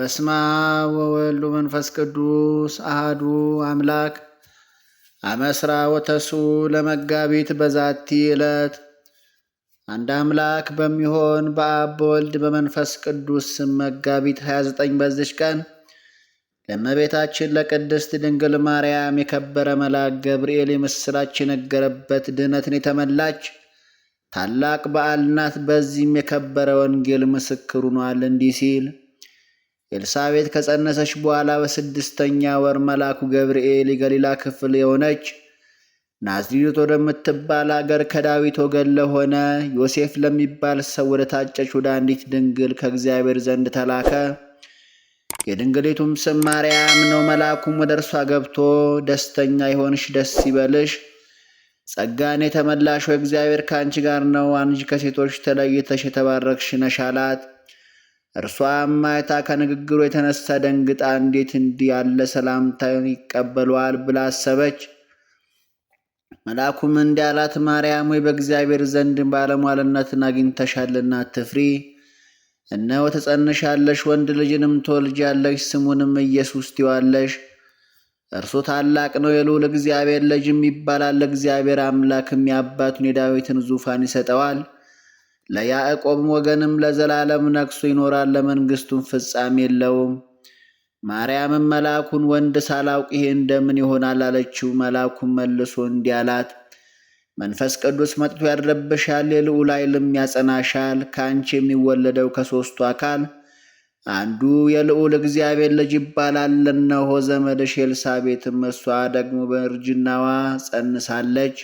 በስማ ወወሉ መንፈስ ቅዱስ አህዱ አምላክ አመስራ ወተሱ ለመጋቢት በዛቲ ዕለት አንድ አምላክ በሚሆን በአብ በወልድ በመንፈስ ቅዱስ ስም መጋቢት 29 በዚች ቀን ለእመቤታችን ለቅድስት ድንግል ማርያም የከበረ መልአክ ገብርኤል የምስራች የነገረበት ድህነትን የተመላች ታላቅ በዓል ናት። በዚህም የከበረ ወንጌል ምስክሩኗል ሆኗል እንዲህ ሲል ኤልሳቤት ከጸነሰች በኋላ በስድስተኛ ወር መልአኩ ገብርኤል የገሊላ ክፍል የሆነች ናዝሪት ወደምትባል አገር ከዳዊት ወገን ለሆነ ዮሴፍ ለሚባል ሰው ወደ ታጨች ወደ አንዲት ድንግል ከእግዚአብሔር ዘንድ ተላከ። የድንግሊቱም ስም ማርያም ነው። መልአኩም ወደ እርሷ ገብቶ ደስተኛ የሆንሽ ደስ ይበልሽ፣ ጸጋን የተመላሽ እግዚአብሔር ከአንቺ ጋር ነው፣ አንቺ ከሴቶች ተለይተሽ የተባረክሽ ነሽ አላት። እርሷም ማይታ ከንግግሩ የተነሳ ደንግጣ እንዴት እንዲህ ያለ ሰላምታ ይቀበሏል ብላ አሰበች። መልአኩም እንዲህ አላት፣ ማርያም ወይ በእግዚአብሔር ዘንድ ባለሟልነትን አግኝተሻልና አትፍሪ። እነሆ ተጸንሻለሽ፣ ወንድ ልጅንም ትወልጃለሽ፣ ስሙንም ኢየሱስ ትዪዋለሽ። እርሱ ታላቅ ነው፣ የልዑል እግዚአብሔር ልጅም ይባላል። እግዚአብሔር አምላክም የአባቱን የዳዊትን ዙፋን ይሰጠዋል። ለያዕቆብም ወገንም ለዘላለም ነግሶ ይኖራል፣ ለመንግስቱም ፍጻሜ የለውም። ማርያምም መልአኩን ወንድ ሳላውቅ ይሄ እንደምን ይሆናል አለችው። መልአኩም መልሶ እንዲህ አላት፣ መንፈስ ቅዱስ መጥቶ ያድረብሻል፣ የልዑል ኃይልም ያጸናሻል። ከአንቺ የሚወለደው ከሦስቱ አካል አንዱ የልዑል እግዚአብሔር ልጅ ይባላል። እነሆ ዘመድሽ ኤልሳቤጥም እሷ ደግሞ በእርጅናዋ ጸንሳለች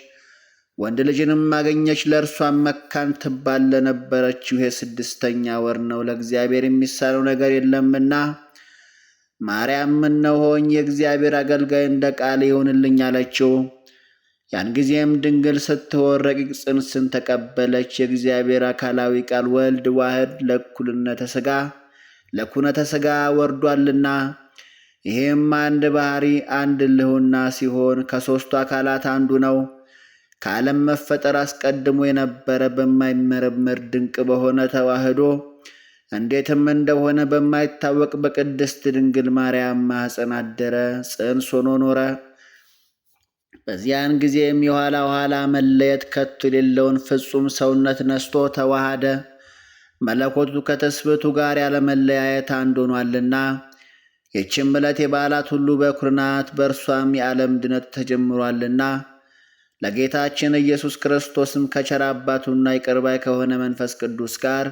ወንድ ልጅንም አገኘች፣ ለእርሷን መካን ትባል ለነበረችው ይሄ ስድስተኛ ወር ነው፣ ለእግዚአብሔር የሚሳነው ነገር የለምና። ማርያም እነሆኝ የእግዚአብሔር አገልጋይ እንደ ቃል ይሆንልኝ አለችው። ያን ጊዜም ድንግል ስትሆን ረቂቅ ጽንስን ተቀበለች። የእግዚአብሔር አካላዊ ቃል ወልድ ዋህድ ለእኩልነተ ሥጋ ለኩነተ ሥጋ ወርዷልና ይህም አንድ ባህሪ አንድ ልሁና ሲሆን ከሦስቱ አካላት አንዱ ነው። ከዓለም መፈጠር አስቀድሞ የነበረ በማይመረመር ድንቅ በሆነ ተዋህዶ እንዴትም እንደሆነ በማይታወቅ በቅድስት ድንግል ማርያም ማኅፀን አደረ፣ ጽንስ ሆኖ ኖረ። በዚያን ጊዜም የኋላ ኋላ መለየት ከቶ የሌለውን ፍጹም ሰውነት ነስቶ ተዋሃደ። መለኮቱ ከተስብቱ ጋር ያለመለያየት አንድ ሆኗልና ይህችም ዕለት የበዓላት ሁሉ በኩርናት ናት። በእርሷም የዓለም ድነት ተጀምሯልና ለጌታችን ኢየሱስ ክርስቶስም ከቸር አባቱና ይቅርባይ ከሆነ መንፈስ ቅዱስ ጋር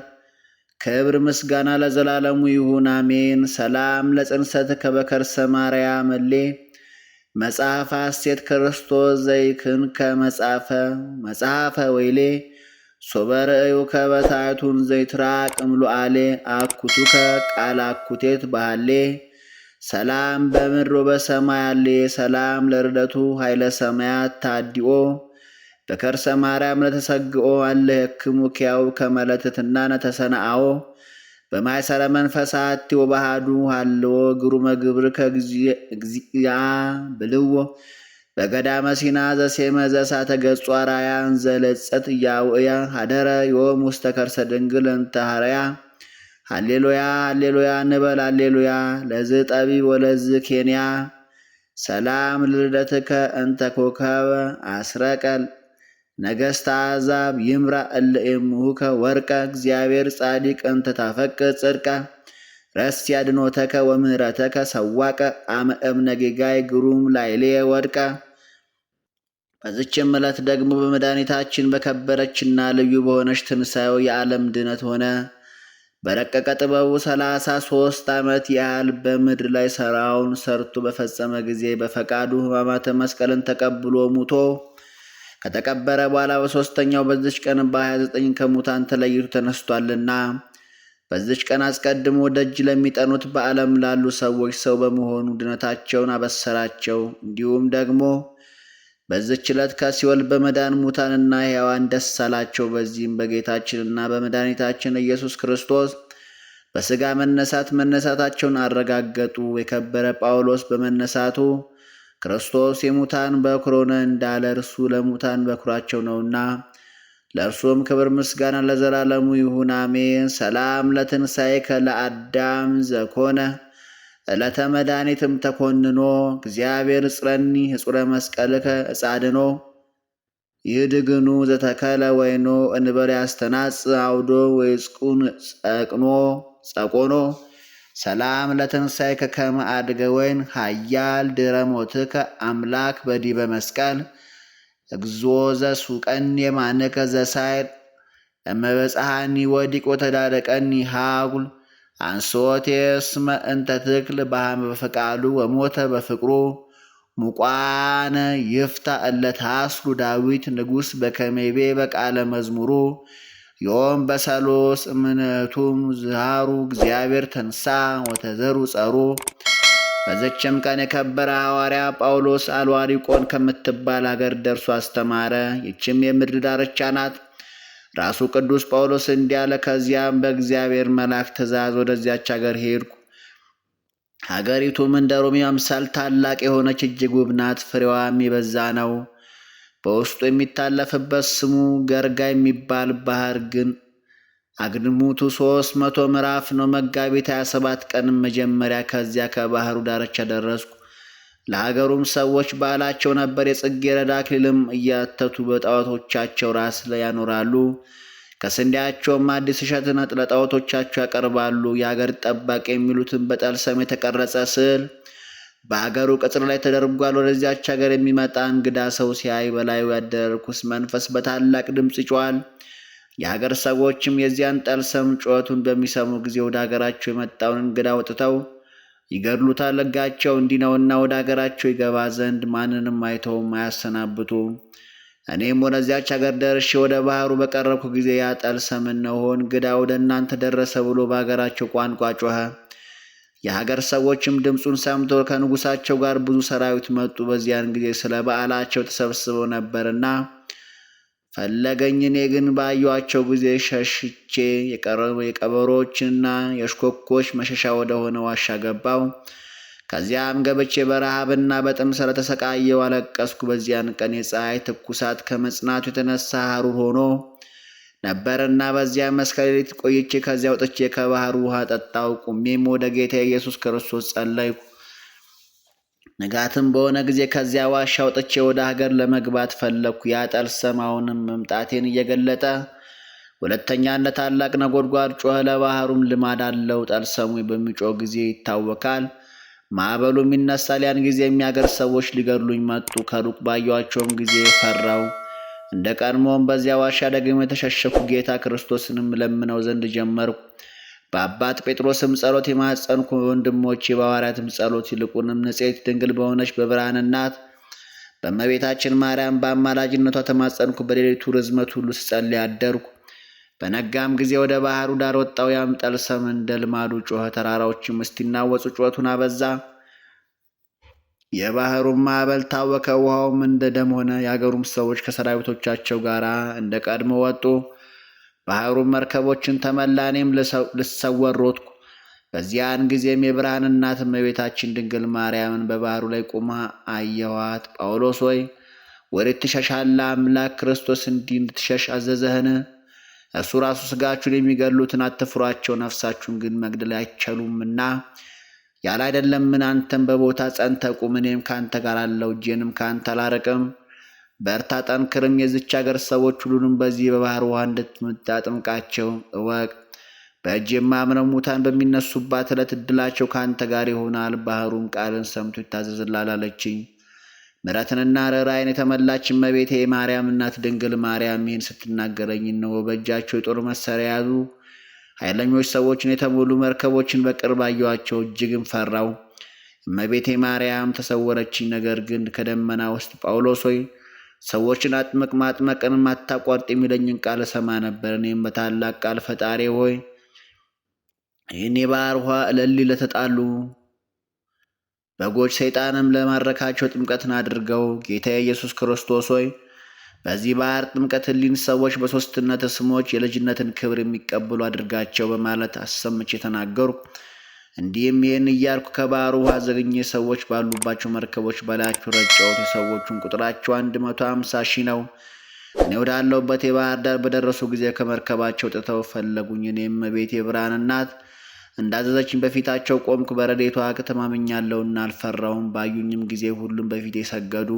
ክብር ምስጋና ለዘላለሙ ይሁን አሜን። ሰላም ለጽንሰት ከበከርሰ ማርያም እሌ መጽሐፈ ሐሴት ክርስቶስ ዘይክን መጽሐፈ መጽሐፈ ወይሌ ሶበርእዩ ከበታቱን ዘይትራቅ አሌ አኩቱከ ቃል አኩቴት ባህሌ ሰላም በምድር በሰማይ አለ ሰላም ለርደቱ ኃይለ ሰማያት ታዲኦ በከርሰ ማርያም ለተሰግኦ አለ ህክሙ ኪያው ከመለትትና ነተሰናአዎ በማይሰረ መንፈሳት ወባሃዱ አለዎ ግሩመ ግብር ከእግዚአ ብልዎ በገዳመ ሲና ዘሴመ ዘሳ ተገጹ አራያ እንዘለጸት እያውእያ አደረ ዮም ውስተ ከርሰ ድንግል እንተሃረያ ሃሌሉያ ሃሌሉያ እንበል። ሃሌሉያ ለዝ ጠቢብ ወለዝ ኬንያ ሰላም ልደትከ እንተ ኮከበ አስረቀል ነገስተ አሕዛብ ይምራ እለኤሙሁከ ወርቀ እግዚአብሔር ጻዲቅ እንተ ታፈቅድ ጽድቀ ረስያ ድኖተከ ወምህረተከ ሰዋቀ አመ እብነ ግሩም ላይሌ ወድቀ። በዝችም ዕለት ደግሞ በመድኃኒታችን በከበረችና ልዩ በሆነች ትንሣኤው የዓለም ድነት ሆነ። በረቀቀ ጥበቡ ሰላሳ ሶስት ዓመት ያህል በምድር ላይ ሰራውን ሰርቶ በፈጸመ ጊዜ በፈቃዱ ሕማማተ መስቀልን ተቀብሎ ሙቶ ከተቀበረ በኋላ በሦስተኛው በዚች ቀን በ29 ከሙታን ተለይቶ ተነስቷልና በዚች ቀን አስቀድሞ ደጅ ለሚጠኑት በዓለም ላሉ ሰዎች ሰው በመሆኑ ድነታቸውን አበሰራቸው። እንዲሁም ደግሞ በዚች ዕለት ከሲኦል በመዳን ሙታንና ሕያዋን ደስ አላቸው። በዚህም በጌታችንና በመድኃኒታችን ኢየሱስ ክርስቶስ በሥጋ መነሳት መነሳታቸውን አረጋገጡ። የከበረ ጳውሎስ በመነሳቱ ክርስቶስ የሙታን በኩር ሆነ እንዳለ እርሱ ለሙታን በኩራቸው ነውና ለእርሱም ክብር ምስጋና ለዘላለሙ ይሁን አሜን። ሰላም ለትንሣኤ ከለአዳም ዘኮነ ዕለተ መድኃኒትም ተኮንኖ እግዚአብሔር ጽረኒ እጹረ መስቀልከ እጻድኖ ይድግኑ ዘተከለ ወይኖ እንበር ያስተናጽ አውዶ ወይስቁን ጸቅኖ ጸቆኖ ሰላም ለትንሣኤ ከከመ አድገ ወይን ሃያል ድኅረ ሞትከ አምላክ በዲበ መስቀል እግዞ ዘሱቀን የማነከ ዘሳይር እመበፀሃኒ ወዲቅ ወተዳደቀኒ ሃጉል አንሶቴ እስመ እንተ ትክል በሃመ በፈቃሉ ወሞተ በፍቅሩ ሙቋነ ይፍታ አስሉ ዳዊት ንጉሥ በከሜቤ በቃለ መዝሙሩ ዮም በሰሎስ እምነቱም ዝሃሩ እግዚአብሔር ተንሳ ወተዘሩ ጸሩ። በዘችም ቀን የከበረ ሐዋርያ ጳውሎስ አልዋሪቆን ከምትባል አገር ደርሶ አስተማረ። ይችም የምድር ዳርቻ ናት። ራሱ ቅዱስ ጳውሎስ እንዲያለ ከዚያም በእግዚአብሔር መልአክ ትእዛዝ ወደዚያች ሀገር ሄድኩ። ሀገሪቱም እንደ ሮሜ አምሳል ታላቅ የሆነች እጅግ ውብ ናት። ፍሬዋ የሚበዛ ነው። በውስጡ የሚታለፍበት ስሙ ገርጋ የሚባል ባህር ግን አግድሙቱ ሶስት መቶ ምዕራፍ ነው። መጋቢት 27 ቀንም መጀመሪያ ከዚያ ከባህሩ ዳርቻ ደረስኩ። ለሀገሩም ሰዎች ባህላቸው ነበር። የጽጌረዳ አክሊልም እያተቱ በጣዖቶቻቸው ራስ ላይ ያኖራሉ። ከስንዴያቸውም አዲስ እሸትን ለጣዖቶቻቸው ያቀርባሉ። የሀገር ጠባቂ የሚሉትን በጠልሰም የተቀረጸ ስዕል በሀገሩ ቅጽር ላይ ተደርጓል። ወደዚያች ሀገር የሚመጣ እንግዳ ሰው ሲያይ በላዩ ያደረርኩስ መንፈስ በታላቅ ድምፅ ይጮኻል። የሀገር ሰዎችም የዚያን ጠልሰም ጩኸቱን በሚሰሙ ጊዜ ወደ ሀገራቸው የመጣውን እንግዳ አውጥተው ይገድሉታል። ሕጋቸው እንዲህ ነውና ወደ አገራቸው ይገባ ዘንድ ማንንም አይተውም አያሰናብቱም። እኔም ወደዚያች አገር ደርሼ ወደ ባህሩ በቀረብኩ ጊዜ ያጠል ሰምን ነሆን ግዳ ወደ እናንተ ደረሰ ብሎ በአገራቸው ቋንቋ ጮኸ። የሀገር ሰዎችም ድምፁን ሰምቶ ከንጉሳቸው ጋር ብዙ ሰራዊት መጡ። በዚያን ጊዜ ስለ በዓላቸው ተሰብስበው ነበርና ፈለገኝ። እኔ ግን ባዩቸው ጊዜ ሸሽቼ የቀበሮችና የሽኮኮች መሸሻ ወደ ሆነ ዋሻ ገባው። ከዚያም ገብቼ በረሃብና በጥም ስለተሰቃየው አለቀስኩ። በዚያን ቀን የፀሐይ ትኩሳት ከመጽናቱ የተነሳ ሐሩር ሆኖ ነበርና በዚያ መስከሌሊት ቆይቼ ከዚያ ወጥቼ ከባህሩ ውሃ ጠጣው። ቁሜም ወደ ጌታ ኢየሱስ ክርስቶስ ጸለይኩ። ንጋትም በሆነ ጊዜ ከዚያ ዋሻ ወጥቼ ወደ ሀገር ለመግባት ፈለግኩ። ያ ጠል ሰማዩንም መምጣቴን እየገለጠ ሁለተኛ እንደ ታላቅ ነጎድጓድ ጮኸ። ለባህሩም ልማድ አለው። ጠል ሰሙ ጊዜ ይታወካል፣ ማዕበሉም ይነሳል። ያን ጊዜ የሚያገር ሰዎች ሊገድሉኝ መጡ። ከሩቅ ባየኋቸውም ጊዜ ፈራው። እንደ ቀድሞም በዚያ ዋሻ ደግሞ የተሸሸኩ ጌታ ክርስቶስንም ለምነው ዘንድ ጀመርኩ። በአባት ጴጥሮስም ጸሎት የማጸንኩ ወንድሞች የባዋርያትም ጸሎት ይልቁንም ንጽሕት ድንግል በሆነች በብርሃን እናት በእመቤታችን ማርያም በአማላጅነቷ ተማጸንኩ። በሌሊቱ ርዝመት ሁሉ ስጸል ያደርኩ፣ በነጋም ጊዜ ወደ ባህሩ ዳር ወጣው። ያም ጠልሰም እንደ ልማዱ ጮኸ። ተራራዎችም እስቲናወጹ ጩኸቱን አበዛ። የባህሩም ማዕበል ታወከ። ውሃውም እንደ ደም ሆነ። የአገሩም ሰዎች ከሰራዊቶቻቸው ጋር እንደ ቀድሞ ወጡ። ባህሩን መርከቦችን ተመላ፣ እኔም ልሰወር ሮጥኩ። በዚያን ጊዜም የብርሃን እናት እመቤታችን ድንግል ማርያምን በባህሩ ላይ ቁማ አየኋት። ጳውሎስ ሆይ ወዴት ትሸሻለህ? አምላክ ክርስቶስ እንዲህ እንድትሸሽ አዘዘህን? እሱ ራሱ ስጋችሁን የሚገሉትን አትፍሯቸው፣ ነፍሳችሁን ግን መግደል አይችሉምና ያለ ምን አንተም በቦታ ጸንተህ ቁም፣ እኔም ከአንተ ጋር አለው፣ እጄንም ከአንተ አላረቅም። በእርታ ጠንክርም፣ የዝች አገር ሰዎች ሁሉንም በዚህ በባህር ውሃ እንድታጠምቃቸው እወቅ። በእጅ የማምነው ሙታን በሚነሱባት ዕለት እድላቸው ከአንተ ጋር ይሆናል። ባህሩም ቃልን ሰምቶ ይታዘዝላላለችኝ። ምረትንና ምሕረትንና ርኅራኄን የተመላች እመቤቴ የማርያም እናት ድንግል ማርያም ይህን ስትናገረኝ ነው። በእጃቸው የጦር መሳሪያ ያዙ ኃይለኞች ሰዎችን የተሞሉ መርከቦችን በቅርብ አየኋቸው። እጅግም ፈራው። እመቤቴ ማርያም ተሰወረችኝ። ነገር ግን ከደመና ውስጥ ጳውሎስ ሆይ ሰዎችን አጥምቅ ማጥመቅን ማታቋርጥ የሚለኝን ቃል ሰማ ነበር። እኔም በታላቅ ቃል ፈጣሪ ሆይ ይህን የባህር ውሃ እለሊ ለተጣሉ በጎች ሰይጣንም ለማረካቸው ጥምቀትን አድርገው። ጌታ ኢየሱስ ክርስቶስ ሆይ በዚህ ባህር ጥምቀት ህሊን ሰዎች በሦስትነት ስሞች የልጅነትን ክብር የሚቀበሉ አድርጋቸው በማለት አሰምቼ ተናገርኩ። እንዲህም ይህን እያልኩ ከባህር ውሃ ዘግኜ ሰዎች ባሉባቸው መርከቦች በላያችሁ ረጨሁት። የሰዎቹን ቁጥራቸው አንድ መቶ ሃምሳ ሺህ ነው። እኔ ወዳለሁበት የባህር ዳር በደረሱ ጊዜ ከመርከባቸው ጥተው ፈለጉኝ። እኔም ቤት የብርሃን እናት እንዳዘዘችኝ በፊታቸው ቆምኩ። በረዴቷ ተማምኛለሁና አልፈራውም ባዩኝም ጊዜ ሁሉም በፊት የሰገዱ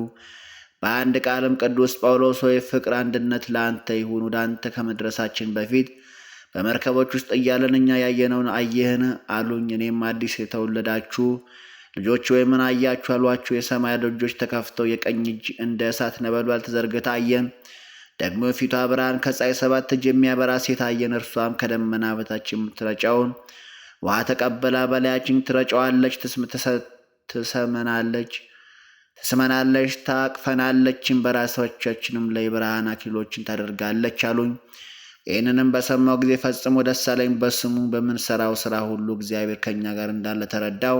በአንድ ቃልም ቅዱስ ጳውሎስ ሆይ ፍቅር አንድነት ለአንተ ይሁን። ወደ አንተ ከመድረሳችን በፊት በመርከቦች ውስጥ እያለን እኛ ያየነውን አየህን አሉኝ። እኔም አዲስ የተወለዳችሁ ልጆች ወይ ምን አያችሁ አሏችሁ። የሰማይ ደጆች ተከፍተው የቀኝ እጅ እንደ እሳት ነበልባል ተዘርግታ አየን። ደግሞ ፊቷ ብርሃን ከፀሐይ ሰባት እጅ የሚያበራ ሴት አየን። እርሷም ከደመና በታች የምትረጨውን ውሃ ተቀበላ በላያችን ትረጨዋለች፣ ትሰመናለች፣ ትስመናለች፣ ታቅፈናለችን በራሳቻችንም ላይ ብርሃን አክሊሎችን ታደርጋለች አሉኝ። ይህንንም በሰማው ጊዜ ፈጽሞ ደስ አለኝ። በስሙ በምንሰራው ስራ ሁሉ እግዚአብሔር ከእኛ ጋር እንዳለ ተረዳው።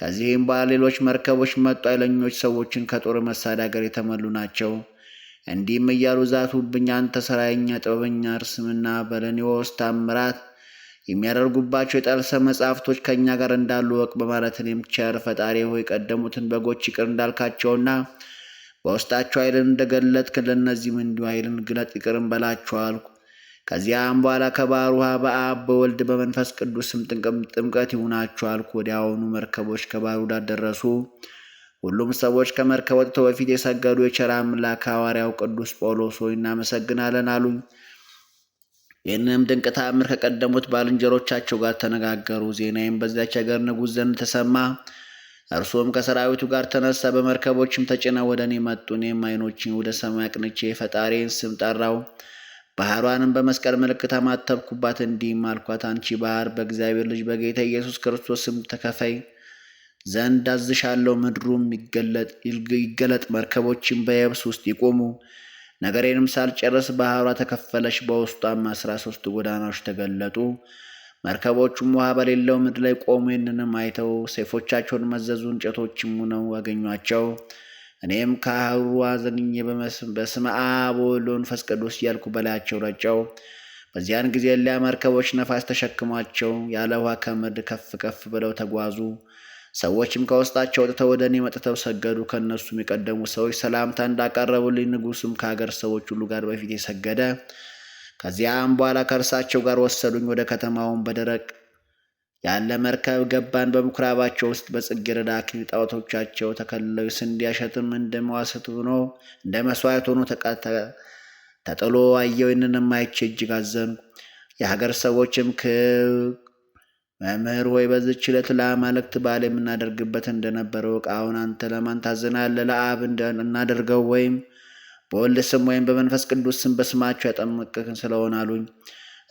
ከዚህም በኋላ ሌሎች መርከቦች መጡ። ኃይለኞች ሰዎችን ከጦር መሳሪያ ጋር የተሞሉ ናቸው። እንዲህም እያሉ ዛቱብኝ። አንተ ሰራየኛ ጥበበኛ እርስምና በለኒዎስ ታምራት የሚያደርጉባቸው የጠልሰ መጽሐፍቶች ከእኛ ጋር እንዳሉ ወቅ በማለት እኔም ቸር ፈጣሪ ሆይ የቀደሙትን በጎች ይቅር እንዳልካቸውና በውስጣቸው ኃይልን እንደገለጥክ ለእነዚህም እንዲሁ ኃይልን ግለጥ ይቅርም በላቸው አልኩ። ከዚያም በኋላ ከባሕር ውሃ በአብ በወልድ በመንፈስ ቅዱስ ጥምቀት ይሁናችሁ ወዲያውኑ መርከቦች ከባሕሩ ዳር ደረሱ። ሁሉም ሰዎች ከመርከብ ወጥተው በፊት የሰገዱ የቸራ አምላክ ሐዋርያው ቅዱስ ጳውሎስ ሆይ እናመሰግናለን አሉኝ። ይህንም ድንቅ ተአምር ከቀደሙት ባልንጀሮቻቸው ጋር ተነጋገሩ። ዜናዬም በዚያች አገር ንጉሥ ዘንድ ተሰማ። እርሱም ከሰራዊቱ ጋር ተነሳ። በመርከቦችም ተጭነው ወደ እኔ መጡ። እኔም ዓይኖችን ወደ ሰማይ አቅንቼ ፈጣሪን ስም ጠራው። ባህሯንም በመስቀል ምልክት አማተብኩባት፣ እንዲህም አልኳት አንቺ ባህር በእግዚአብሔር ልጅ በጌታ ኢየሱስ ክርስቶስ ስም ተከፈይ ዘንድ አዝሻለሁ። ምድሩም ይገለጥ፣ መርከቦችም በየብስ ውስጥ ይቆሙ። ነገሬንም ሳልጨርስ ባህሯ ተከፈለች፣ በውስጧም አስራ ሶስት ጎዳናዎች ተገለጡ። መርከቦቹም ውሃ በሌለው ምድር ላይ ቆሙ። ይህንንም አይተው ሰይፎቻቸውን መዘዙ፣ እንጨቶችም ሆነው አገኟቸው። እኔም ከአህሩ አዘግኜ በስመ አብ ወወልድ ወመንፈስ ቅዱስ እያልኩ በላያቸው ረጨው። በዚያን ጊዜ እሊያ መርከቦች ነፋስ ተሸክሟቸው ያለ ውሃ ከምድር ከፍ ከፍ ብለው ተጓዙ። ሰዎችም ከውስጣቸው ወጥተው ወደ እኔ መጥተው ሰገዱ። ከእነሱም የቀደሙ ሰዎች ሰላምታ እንዳቀረቡልኝ ንጉሱም ከሀገር ሰዎች ሁሉ ጋር በፊት የሰገደ ከዚያም በኋላ ከእርሳቸው ጋር ወሰዱኝ። ወደ ከተማውን በደረቅ ያለ መርከብ ገባን። በምኩራባቸው ውስጥ በጽጌረዳ አክሊል ጣዖቶቻቸው ተከልለው ስንዴ ያሸትም እንደ መዋሰት ሆኖ እንደ መስዋዕት ሆኖ ተጥሎ አየው። ይንን አይቼ እጅግ አዘንኩ። የሀገር ሰዎችም ክብ መምህር ሆይ በዚች ዕለት ለአማልክት በዓል የምናደርግበት እንደነበረው ዕቃ አሁን አንተ ለማን ታዝናለህ? ለአብ እናደርገው ወይም በወልድ ስም ወይም በመንፈስ ቅዱስ ስም በስማቸው ያጠመቅህን ስለሆን አሉኝ።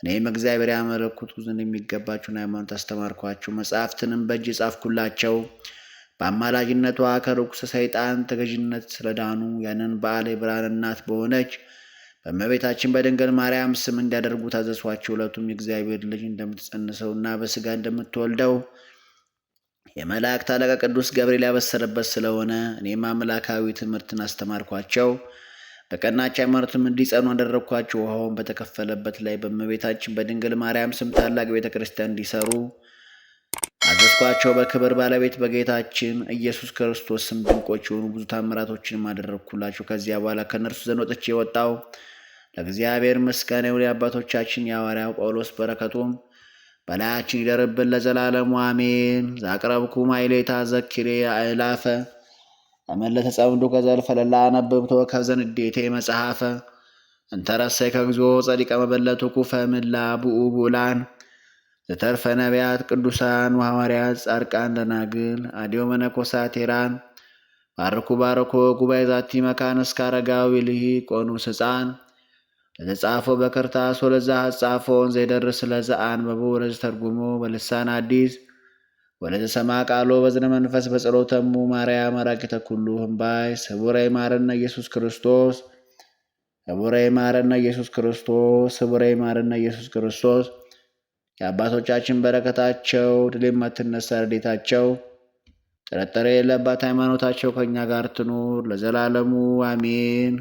እኔም እግዚአብሔር ያመለኩት ዘንድ የሚገባችሁን ሃይማኖት አስተማርኳችሁ፣ መጽሐፍትንም በእጅ የጻፍኩላቸው በአማላጅነቷ ከርኩስ ሰይጣን ተገዥነት ስለዳኑ ያንን በዓል የብርሃን እናት በሆነች በእመቤታችን በድንግል ማርያም ስም እንዲያደርጉ ታዘሷቸው። ሁለቱም የእግዚአብሔር ልጅ እና በስጋ እንደምትወልደው የመላእክት አለቃ ቅዱስ ገብርኤል ያበሰረበት ስለሆነ እኔም አምላካዊ ትምህርትን አስተማርኳቸው። በቀናች ሃይማኖትም እንዲጸኑ አደረግኳቸው። ውሃውን በተከፈለበት ላይ በእመቤታችን በድንግል ማርያም ስም ታላቅ ቤተ ክርስቲያን እንዲሰሩ አዘዝኳቸው። በክብር ባለቤት በጌታችን ኢየሱስ ክርስቶስ ስም ድንቆች የሆኑ ብዙ ታምራቶችንም አደረግኩላቸው። ከዚያ በኋላ ከእነርሱ ዘንድ ወጥቼ የወጣው ለእግዚአብሔር ምስጋና ይሁን። የአባቶቻችን የሐዋርያው ጳውሎስ በረከቱም በላያችን ይደርብን ለዘላለሙ አሜን። ዛቅረብኩ ማይሌታ ዘኪሬ አይላፈ ለመለሰ ጸምዱ ከዘልፈ ለላ አነብብቶ ከብዘን ዴቴ መጽሐፈ እንተረሰይ ከግዞ ጸዲቀ መበለቱ ኩፈ ምላ ብኡ ብኡላን ዘተርፈ ነቢያት ቅዱሳን ወሐዋርያት ጻድቃን ደናግል አዲዮ መነኮሳት ቴራን ባርኩ ባርኮ ጉባኤ ዛቲ መካን እስከ አረጋዊ ልሂ ቆኑስ ሕፃን ለተጻፎ በክርታስ ወለዛ ጻፎን ዘይደርስ ለዛ አንበቦ ወለዝ ተርጉሞ በልሳን አዲስ ወለተሰማ ቃሎ በዝነ መንፈስ በጸሎተሙ ማርያ አራቂተ ኩሉ ህምባይ ስቡረይ ይማረነ ኢየሱስ ክርስቶስ ስቡረይ ይማረነ ኢየሱስ ክርስቶስ ስቡረይ ይማረነ ኢየሱስ ክርስቶስ የአባቶቻችን በረከታቸው ድል የማትነሳ ረድኤታቸው ጥርጥር የለባት ሃይማኖታቸው ከእኛ ጋር ትኑር ለዘላለሙ አሜን።